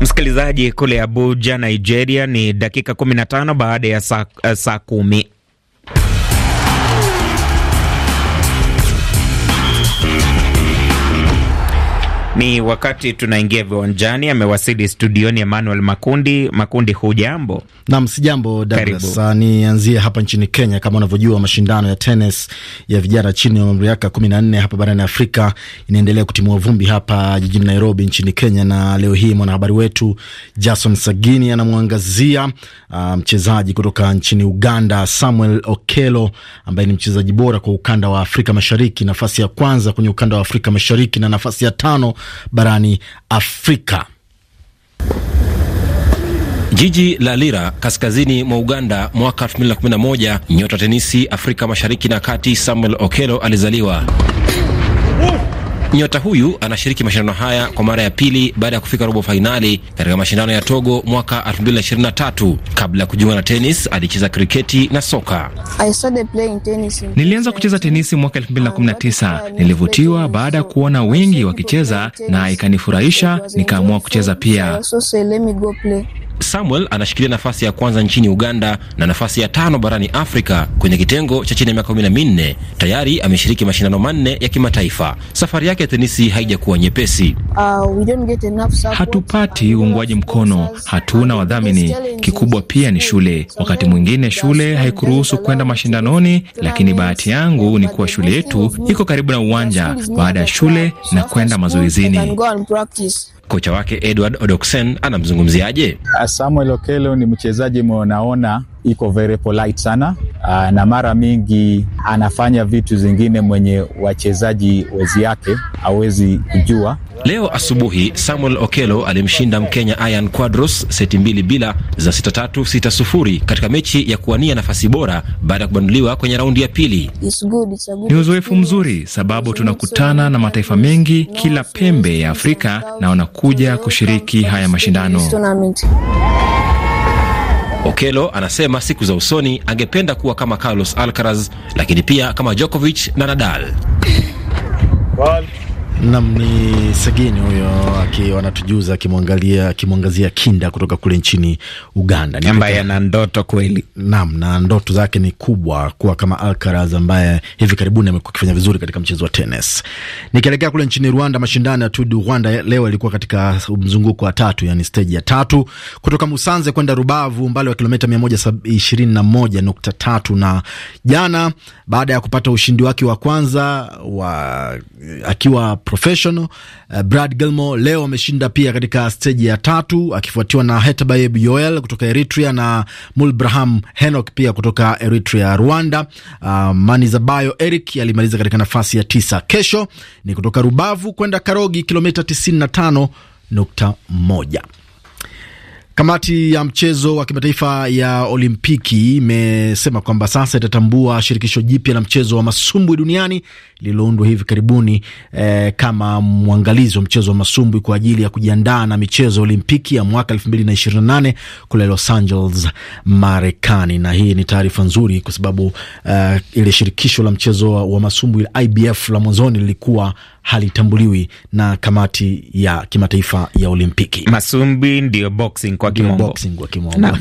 Msikilizaji kule Abuja, Nigeria, ni dakika 15 baada ya saa, eh, saa kumi. Ni wakati tunaingia viwanjani. Amewasili studioni Emmanuel Makundi. Makundi, hujambo? Nam, jambo Douglas. Nianzie hapa nchini Kenya. Kama unavyojua, mashindano ya tenis ya vijana chini ya umri miaka kumi na nne hapa barani Afrika inaendelea kutimua vumbi hapa jijini Nairobi nchini Kenya, na leo hii mwanahabari wetu Jason Sagini anamwangazia uh, mchezaji um, kutoka nchini Uganda Samuel Okelo ambaye ni mchezaji bora kwa ukanda wa Afrika Mashariki, nafasi ya kwanza kwenye ukanda wa Afrika Mashariki na nafasi ya tano barani Afrika. Jiji la Lira kaskazini mwa Uganda mwaka 2011, nyota tenisi Afrika Mashariki na Kati Samuel Okelo alizaliwa Nyota huyu anashiriki mashindano haya kwa mara ya pili baada ya kufika robo fainali katika mashindano ya Togo mwaka 2023. Kabla ya kujiunga na tenis, alicheza kriketi na soka. Nilianza kucheza tenisi mwaka 2019. Nilivutiwa baada ya kuona wengi wakicheza na ikanifurahisha, nikaamua kucheza pia. Samuel anashikilia nafasi ya kwanza nchini Uganda na nafasi ya tano barani Afrika kwenye kitengo cha chini ya miaka 14. Tayari ameshiriki mashindano manne ya kimataifa. Safari yake yake tenisi haijakuwa nyepesi. Uh, hatupati uungwaji mkono, hatuna wadhamini. Kikubwa pia ni shule. Wakati mwingine shule haikuruhusu kwenda mashindanoni, lakini bahati yangu ni kuwa shule yetu iko karibu na uwanja. Baada ya shule na kwenda mazoezini kocha wake Edward Odoksen anamzungumziaje? Ah, Samuel Okelo ni mchezaji mwonaona iko very polite sana aa, ah, na mara mingi anafanya vitu zingine mwenye wachezaji wezi yake hawezi kujua, Leo asubuhi Samuel Okelo alimshinda Mkenya Ian Quadros seti mbili bila za sita tatu sita sufuri katika mechi ya kuwania nafasi bora baada ya kubanduliwa kwenye raundi ya pili. Ni uzoefu mzuri sababu tunakutana na mataifa mengi kila pembe ya Afrika na wanakuja kushiriki haya mashindano. Okelo anasema siku za usoni angependa kuwa kama Carlos Alcaraz, lakini pia kama Djokovic na Nadal. Nam ni Segini huyo wanatujuza akimwangalia akimwangazia Kinda kutoka kule nchini Uganda, ambaye ana ndoto kweli. Nam na ndoto zake ni kubwa, kuwa kama Alcaraz ambaye hivi karibuni amekuwa akifanya vizuri katika mchezo wa tenis. Nikielekea kule nchini Rwanda, mashindano ya Tour du Rwanda leo yalikuwa katika mzunguko wa tatu, yani stage ya tatu, kutoka Musanze kwenda Rubavu, umbali wa kilomita mia moja ishirini na moja nukta tatu na jana baada ya kupata ushindi wake wa kwanza wa, akiwa Professional. Uh, Brad Gilmore leo ameshinda pia katika steji ya tatu akifuatiwa na Hetabayeb Yoel kutoka Eritrea na Mulbraham Henok pia kutoka Eritrea. Rwanda, uh, eh, Manizabayo Eric alimaliza katika nafasi ya tisa. Kesho ni kutoka Rubavu kwenda Karogi kilomita 95.1. Kamati ya mchezo wa kimataifa ya Olimpiki imesema kwamba sasa itatambua shirikisho jipya la mchezo wa masumbwi duniani lililoundwa hivi karibuni eh, kama mwangalizi wa mchezo wa masumbwi kwa ajili ya kujiandaa na michezo ya Olimpiki ya mwaka 2028 kule Los Angeles, Marekani. Na hii ni taarifa nzuri kwa sababu eh, ile shirikisho la mchezo wa masumbwi IBF la mwanzoni lilikuwa halitambuliwi na kamati ya kimataifa ya Olimpiki. Masumbi ndio boxing kwa kimombo.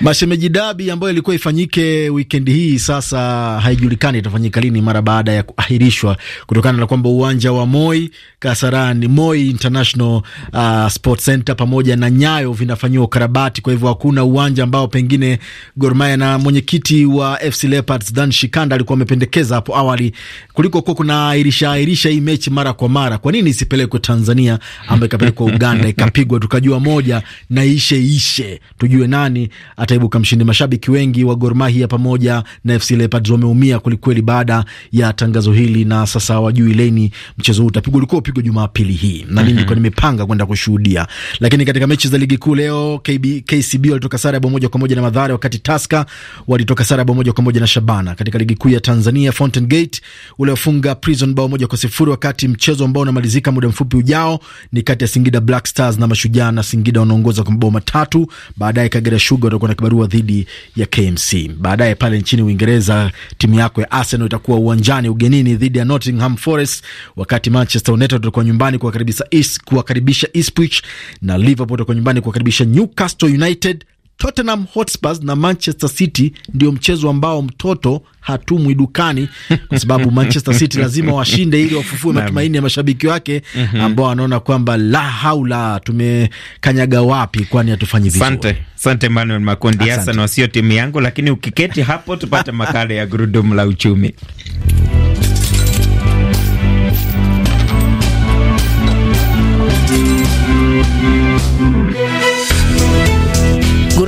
Mashemeji dabi ambayo ilikuwa ifanyike wikendi hii sasa haijulikani itafanyika lini mara baada ya kuahirishwa kutokana na kwamba uwanja wa Moi Kasarani, Moi International uh, Sports Center pamoja na Nyayo vinafanyiwa ukarabati. Kwa hivyo hakuna uwanja ambao pengine Gor Mahia na mwenyekiti wa FC Leopards Dan Shikanda alikuwa amependekeza hapo awali kuliko kuwa kuna kuahirisha ahirisha hii mechi mara kwa mara. Kwa nini isipelekwe Tanzania ambayo ikapelekwa Uganda ikapigwa tukajua moja na ishe ishe, tujue nani ataibuka mshindi. Mashabiki wengi wa Gor Mahia pamoja na FC Leopards wameumia kwelikweli baada ya tangazo hili, na sasa wajui leni mchezo huu utapigwa. Ulikuwa upigwa Jumapili hii na mimi mhm. nilikuwa nimepanga kwenda kushuhudia, lakini katika mechi za ligi kuu leo KB, KCB walitoka sare ya bao moja kwa moja na Madhare, wakati Taska walitoka sare ya bao moja kwa moja na Shabana. Katika ligi kuu ya Tanzania Fountain Gate uliofunga Prison bao moja kwa sifuri wakati mchezo ambao unamalizika muda mfupi ujao ni kati ya Singida Black Stars na Mashujaa, na Singida wanaongoza kwa mabao matatu. Baadaye Kagera Sugar watakuwa na kibarua dhidi ya KMC. Baadaye pale nchini Uingereza timu yako ya Arsenal itakuwa uwanjani ugenini dhidi ya Nottingham Forest, wakati Manchester United watakuwa nyumbani kuwakaribisha East, kuwakaribisha Ipswich na Liverpool watakuwa nyumbani kuwakaribisha Newcastle United. Tottenham Hotspurs na Manchester City ndio mchezo ambao mtoto hatumwi dukani kwa sababu Manchester City lazima washinde ili wafufue matumaini ya mashabiki wake mhm. ambao wanaona kwamba la haula, tumekanyaga wapi? Kwani hatufanyi vizuri. Asante, asante Manuel Makundi, hasa na sio timu yangu, lakini ukiketi hapo tupate makala ya gurudumu la uchumi.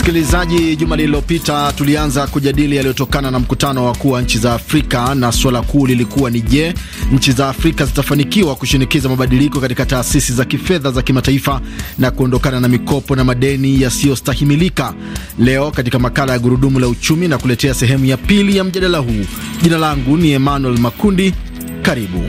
Msikilizaji, juma lililopita tulianza kujadili yaliyotokana na mkutano wa kuu wa nchi za Afrika, na suala kuu lilikuwa ni je, nchi za Afrika zitafanikiwa kushinikiza mabadiliko katika taasisi za kifedha za kimataifa na kuondokana na mikopo na madeni yasiyostahimilika. Leo katika makala ya gurudumu la uchumi na kuletea sehemu ya pili ya mjadala huu. Jina langu ni Emmanuel Makundi, karibu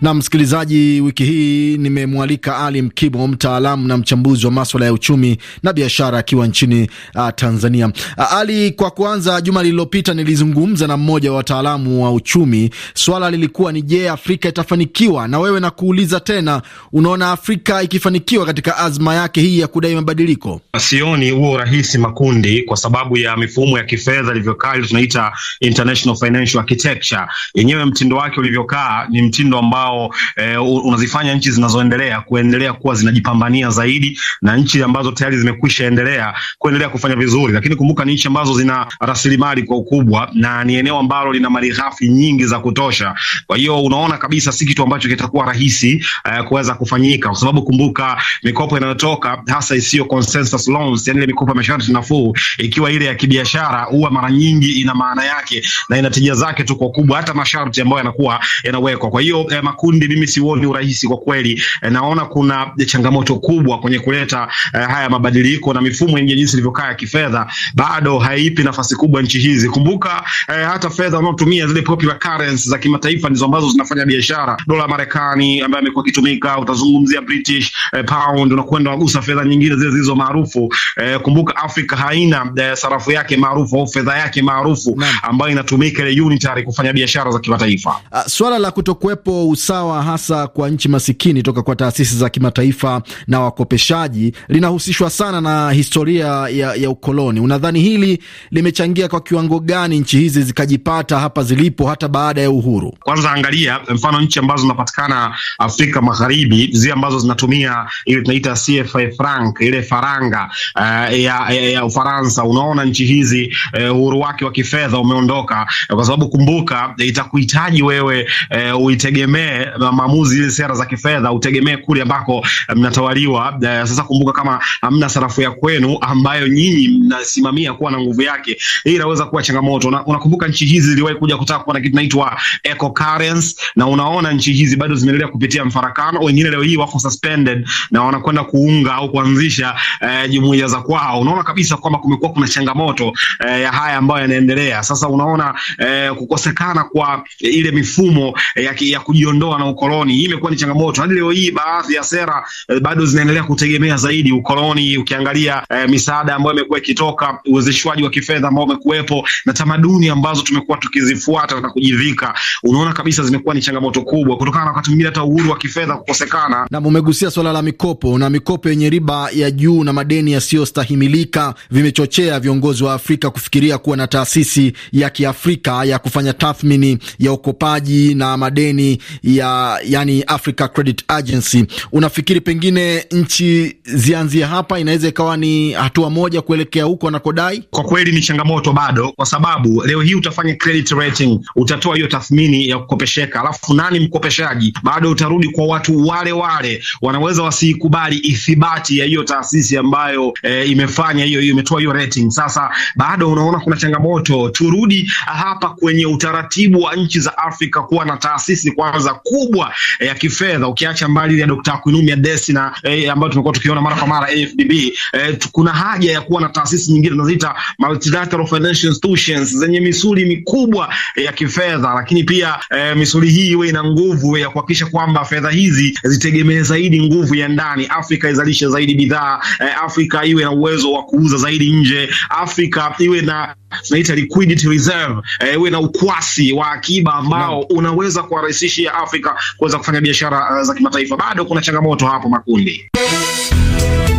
na msikilizaji, wiki hii nimemwalika Ali Mkibo, mtaalamu na mchambuzi wa maswala ya uchumi na biashara, akiwa nchini uh, Tanzania. Uh, Ali, kwa kuanza, juma lililopita nilizungumza na mmoja wa wataalamu wa uchumi. Swala lilikuwa ni je, Afrika itafanikiwa? Na wewe nakuuliza tena, unaona Afrika ikifanikiwa katika azma yake hii ya kudai mabadiliko? Sioni huo rahisi makundi, kwa sababu ya mifumo ya kifedha ilivyokaa, ile tunaita international financial architecture yenyewe, mtindo wake ulivyokaa ni mtindo ambao ambao eh, unazifanya nchi zinazoendelea kuendelea kuwa zinajipambania zaidi na nchi ambazo tayari zimekwisha endelea kuendelea kufanya vizuri, lakini kumbuka ni nchi ambazo zina rasilimali kwa ukubwa na ni eneo ambalo lina mali ghafi nyingi za kutosha. Kwa hiyo unaona kabisa si kitu ambacho kitakuwa rahisi eh, kuweza kufanyika, kwa sababu kumbuka mikopo inayotoka hasa isiyo consensus loans, yani ile mikopo ya masharti nafuu, ikiwa ile ya kibiashara, huwa mara nyingi ina maana yake na ina tija zake tu kwa kubwa, hata masharti ambayo yanakuwa yanawekwa. Kwa hiyo eh, makundi, mimi siuoni urahisi kwa kweli. E, naona kuna changamoto kubwa kwenye kuleta eh, haya mabadiliko, na mifumo yenye jinsi ilivyokaa ya kifedha bado haipi nafasi kubwa nchi hizi. Kumbuka eh, hata fedha wanaotumia zile popular currency za kimataifa ndizo ambazo zinafanya biashara. Dola Marekani ambayo imekuwa ikitumika, utazungumzia British eh, pound, unakwenda unagusa fedha nyingine zile zilizo maarufu. Eh, kumbuka Afrika haina eh, sarafu yake maarufu au fedha yake maarufu ambayo inatumika ile unitary kufanya biashara za kimataifa. Uh, swala la kutokuwepo usawa hasa kwa nchi masikini toka kwa taasisi za kimataifa na wakopeshaji linahusishwa sana na historia ya, ya ukoloni. Unadhani hili limechangia kwa kiwango gani nchi hizi zikajipata hapa zilipo hata baada ya uhuru? Kwanza angalia mfano nchi ambazo zinapatikana Afrika Magharibi, zile ambazo zinatumia ile tunaita CFA franc, ile faranga uh, ya, ya, ya Ufaransa. Unaona nchi hizi eh, uhuru wake wa kifedha umeondoka, kwa sababu kumbuka, itakuhitaji wewe uh, uitegemee eh, maamuzi ile sera za kifedha utegemee kule ambako eh, mnatawaliwa. Eh, sasa kumbuka, kama hamna sarafu ya kwenu ambayo nyinyi mnasimamia kuwa na nguvu yake, hii inaweza kuwa changamoto. Na unakumbuka nchi hizi ziliwahi kuja kutaka kuwa na kitu naitwa eco currency, na unaona nchi hizi bado zimeendelea kupitia mfarakano. Wengine leo hii wako suspended na wanakwenda kuunga au kuanzisha eh, jumuiya za kwao. Unaona kabisa kwamba kumekuwa kuna changamoto eh, ya haya ambayo yanaendelea sasa. Unaona eh, kukosekana kwa ile mifumo eh, ya, ya kujiondoa kuondoa na ukoloni. Hii imekuwa ni changamoto hadi leo hii, baadhi ya sera eh, bado zinaendelea kutegemea zaidi ukoloni. Ukiangalia eh, misaada ambayo imekuwa ikitoka, uwezeshwaji wa kifedha ambao umekuwepo na tamaduni ambazo tumekuwa tukizifuata na kujivika, unaona kabisa zimekuwa ni changamoto kubwa, kutokana na wakati mwingine hata uhuru wa kifedha kukosekana. Na umegusia swala la mikopo na mikopo yenye riba ya juu na madeni yasiyostahimilika vimechochea viongozi wa Afrika kufikiria kuwa na taasisi ya Kiafrika ya kufanya tathmini ya ukopaji na madeni ya yani Africa Credit Agency. Unafikiri pengine nchi zianzie hapa, inaweza ikawa ni hatua moja kuelekea huko anakodai? Kwa kweli ni changamoto bado, kwa sababu leo hii utafanya credit rating, utatoa hiyo tathmini ya kukopesheka, alafu nani mkopeshaji? Bado utarudi kwa watu wale wale, wanaweza wasiikubali ithibati ya hiyo taasisi ambayo e, imefanya hiyo hiyo imetoa hiyo rating. Sasa bado unaona kuna changamoto, turudi hapa kwenye utaratibu wa nchi za Afrika kuwa na taasisi kwanza makubwa eh, ya kifedha, ukiacha mbali ya Dr. Kuinumia Desi na eh, ambayo tumekuwa tukiona mara kwa mara AFDB, eh, kuna haja ya kuwa na taasisi nyingine tunaziita multilateral financial institutions zenye misuli mikubwa eh, ya kifedha, lakini pia eh, misuli hii iwe ina nguvu ya kuhakikisha kwamba fedha hizi zitegemee zaidi nguvu ya ndani, Afrika izalishe zaidi bidhaa eh, Afrika iwe na uwezo wa kuuza zaidi nje, Afrika iwe na tunaita liquidity reserve eh, iwe na ukwasi wa akiba ambao no. unaweza kuwarahisishia Afrika kuweza kufanya biashara uh, za kimataifa. Bado kuna changamoto hapo, makundi.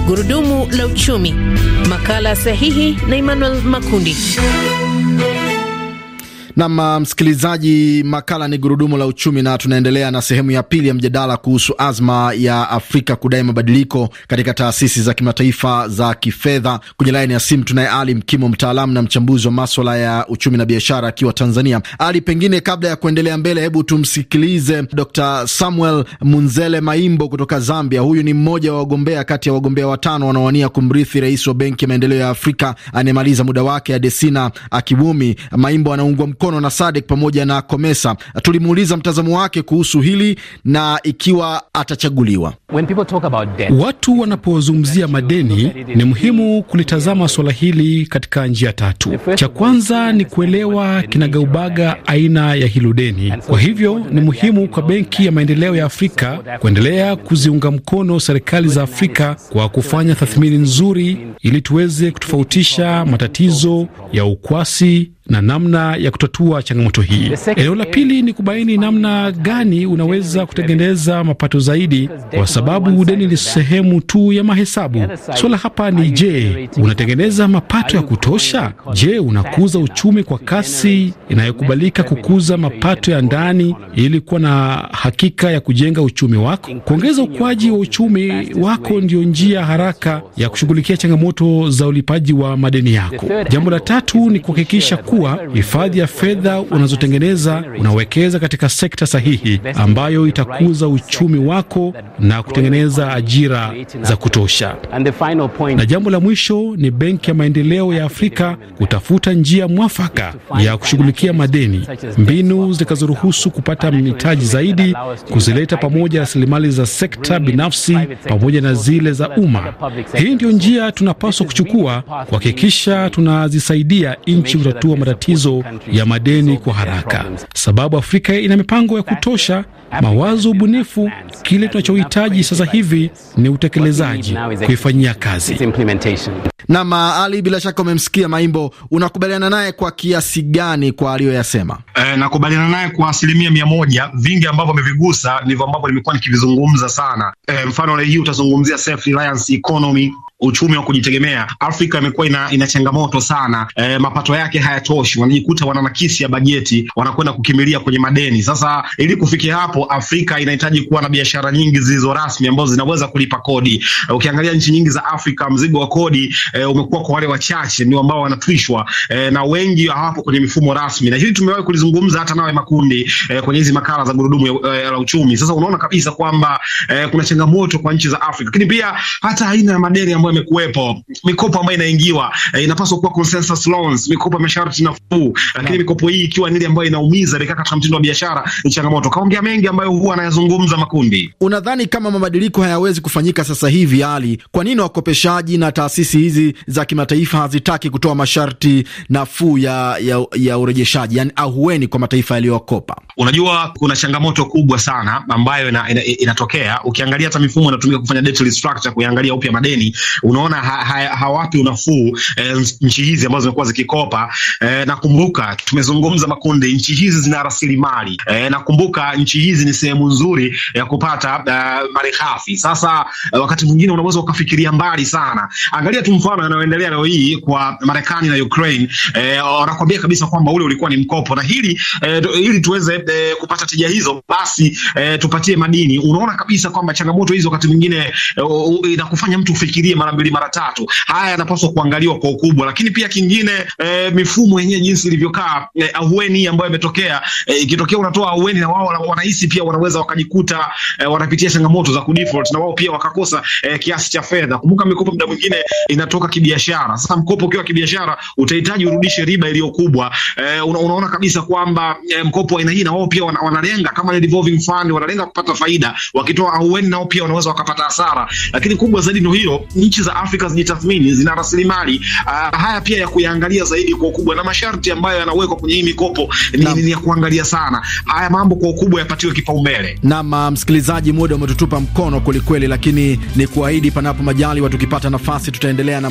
Gurudumu la uchumi, makala sahihi na Emmanuel Makundi. Nam uh, msikilizaji, makala ni gurudumu la uchumi, na tunaendelea na sehemu ya pili ya mjadala kuhusu azma ya Afrika kudai mabadiliko katika taasisi za kimataifa za kifedha. Kwenye laini ya simu tunaye Ali Mkimo, mtaalamu na mchambuzi wa maswala ya uchumi na biashara, akiwa Tanzania. Ali, pengine kabla ya kuendelea mbele, hebu tumsikilize Dr Samuel Munzele Maimbo kutoka Zambia. Huyu ni mmoja wa wagombea kati ya wagombea watano wanaowania kumrithi rais wa Benki ya Maendeleo ya Afrika anayemaliza muda wake, Adesina Akiwumi. Maimbo anaungwa mkono mkono na Sadek pamoja na Komesa. Tulimuuliza mtazamo wake kuhusu hili na ikiwa atachaguliwa. Watu wanapozungumzia madeni, ni muhimu kulitazama suala hili katika njia tatu. Cha kwanza ni kuelewa kinagaubaga aina ya hilo deni. Kwa hivyo ni muhimu kwa Benki ya Maendeleo ya Afrika kuendelea kuziunga mkono serikali za Afrika kwa kufanya tathmini nzuri, ili tuweze kutofautisha matatizo ya ukwasi na namna ya kutatua changamoto hii. Eneo la pili ni kubaini namna gani unaweza kutengeneza mapato zaidi, kwa sababu deni ni sehemu tu ya mahesabu. Swala hapa ni je, unatengeneza mapato ya kutosha? Je, unakuza uchumi kwa kasi inayokubalika kukuza mapato ya ndani ili kuwa na hakika ya kujenga uchumi wako? Kuongeza ukuaji wa uchumi wako ndiyo njia haraka ya kushughulikia changamoto za ulipaji wa madeni yako. Jambo la tatu ni kuhakikisha kuwa hifadhi ya fedha unazotengeneza unawekeza katika sekta sahihi ambayo itakuza uchumi wako na kutengeneza ajira za kutosha. Na jambo la mwisho ni Benki ya Maendeleo ya Afrika kutafuta njia mwafaka ya kushughulikia madeni, mbinu zitakazoruhusu kupata mitaji zaidi, kuzileta pamoja rasilimali za sekta binafsi pamoja na zile za umma. Hii ndiyo njia tunapaswa kuchukua kuhakikisha tunazisaidia nchi kutatua matatizo ya madeni kwa haraka, sababu Afrika ina mipango ya kutosha, mawazo, ubunifu. Kile tunachohitaji sasa hivi ni utekelezaji, kuifanyia kazi. nam ali bila shaka umemsikia Maimbo, unakubaliana naye kwa kiasi gani kwa aliyoyasema? E, nakubaliana naye kwa asilimia mia moja. Vingi ambavyo amevigusa ndivyo ambavyo nimekuwa nikivizungumza sana. E, mfano leo hii utazungumzia self reliance economy uchumi wa kujitegemea, Afrika imekuwa ina, ina changamoto sana e, mapato yake hayatoshi, wanajikuta wana nakisi ya bajeti, wanakwenda kukimbilia kwenye madeni. Sasa ili kufikia hapo, Afrika inahitaji kuwa na biashara nyingi zilizo rasmi ambazo zinaweza kulipa kodi. E, ukiangalia nchi nyingi za Afrika mzigo wa kodi e, umekuwa kwa wale wachache ndio ambao wanatwishwa e, na wengi hawapo kwenye mifumo rasmi, na hili tumewahi kulizungumza hata nawe makundi e, kwenye hizi makala za gurudumu ya, ya, e, la uchumi. Sasa unaona kabisa kwamba e, kuna changamoto kwa nchi za Afrika, lakini pia hata aina ya madeni ambayo ambayo imekuwepo, mikopo ambayo inaingiwa eh, inapaswa kuwa consensus loans, mikopo ya masharti nafuu, lakini mikopo hii ikiwa ni ile ambayo inaumiza imekaa katika mtindo wa biashara ni changamoto. Kaongea mengi ambayo huwa anayazungumza Makundi. Unadhani kama mabadiliko hayawezi kufanyika sasa hivi, Ali, kwa nini wakopeshaji na taasisi hizi za kimataifa hazitaki kutoa masharti nafuu ya, ya, ya urejeshaji, yani ahueni kwa mataifa yaliyokopa? Unajua, kuna changamoto kubwa sana ambayo inatokea ina, ina, ina ukiangalia hata mifumo inatumika kufanya debt restructure, kuangalia upya madeni unaona hawapi ha, ha unafuu e, nchi hizi ambazo zimekuwa zikikopa e, nakumbuka tumezungumza makundi, nchi hizi zina rasilimali e, nakumbuka nchi hizi ni sehemu nzuri ya kupata e, malighafi. Sasa wakati mwingine unaweza ukafikiria mbali sana. Angalia tu mfano yanayoendelea leo hii kwa Marekani na Ukraine, e, wanakwambia kabisa kwamba ule ulikuwa ni mkopo, na hili e, ili tuweze e, kupata tija hizo, basi e, tupatie madini. Unaona kabisa kwamba changamoto hizo wakati mwingine inakufanya e, mtu ufikirie mara mara mbili mara tatu. Haya yanapaswa kuangaliwa kwa ukubwa, lakini pia kingine e, mifumo yenyewe jinsi ilivyokaa e, ahueni ambayo imetokea e, ikitokea unatoa ahueni na wao wanahisi pia wanaweza wakajikuta e, wanapitia changamoto za kudefault na wao pia wakakosa e, kiasi cha fedha. Kumbuka mikopo muda mwingine inatoka kibiashara. Sasa mkopo ukiwa kibiashara utahitaji urudishe riba iliyo kubwa. E, una, unaona kabisa kwamba e, mkopo aina hii na wao pia wanalenga wana kama ni revolving fund wanalenga kupata faida, wakitoa ahueni nao pia wanaweza wakapata hasara, lakini kubwa zaidi ndio hilo nchi nchi za Afrika zijitathmini, zina rasilimali uh, haya pia ya kuyaangalia zaidi kwa ukubwa, na masharti ambayo yanawekwa kwenye hii mikopo ni, ni ya kuangalia sana haya mambo kwa ukubwa, yapatiwe kipaumbele. Naam, ah, msikilizaji, muda umetutupa mkono kwelikweli, lakini ni kuahidi, panapo majali, watukipata nafasi tutaendelea na